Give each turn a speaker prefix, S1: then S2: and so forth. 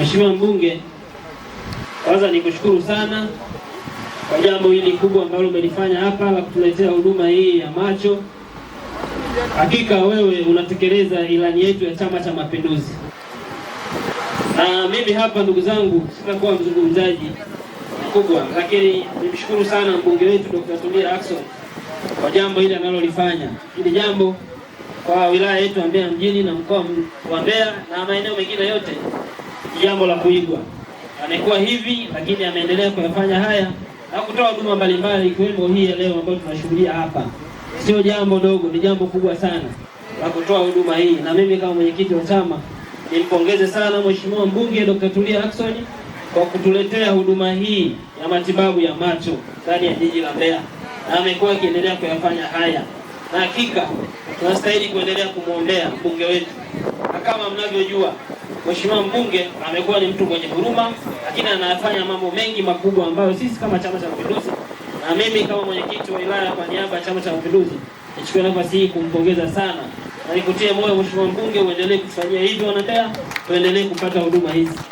S1: Mheshimiwa Mbunge, kwanza nikushukuru sana kwa jambo hili kubwa ambalo umelifanya hapa la kutuletea huduma hii ya macho. Hakika wewe unatekeleza ilani yetu ya Chama cha Mapinduzi. Na mimi hapa, ndugu zangu, sitakuwa mzungumzaji mkubwa, lakini nimshukuru sana mbunge wetu Dr. Tulia Ackson kwa jambo hili analolifanya. Hili jambo kwa wilaya yetu ya Mbeya mjini na mkoa wa Mbeya na maeneo mengine yote, jambo la kuigwa. Amekuwa hivi lakini ameendelea kuyafanya haya na kutoa huduma mbalimbali ikiwemo hii ya leo ambayo tunashuhudia hapa. Sio jambo dogo, ni jambo kubwa sana la kutoa huduma hii, na mimi kama mwenyekiti wa chama nimpongeze sana Mheshimiwa mbunge Dr. Tulia Ackson kwa kutuletea huduma hii ya matibabu ya macho ndani ya jiji la Mbeya, na amekuwa akiendelea kuyafanya haya na hakika tunastahili kuendelea kumwombea mbunge wetu, na kama mnavyojua Mheshimiwa mbunge amekuwa ni mtu mwenye huruma, lakini anafanya mambo mengi makubwa ambayo sisi kama Chama cha Mapinduzi na mimi kama mwenyekiti wa wilaya kwa niaba ya Chama cha Mapinduzi nichukue nafasi hii kumpongeza sana na nikutie moyo Mheshimiwa mbunge, uendelee kufanyia hivyo Wanambeya, tuendelee kupata huduma hizi.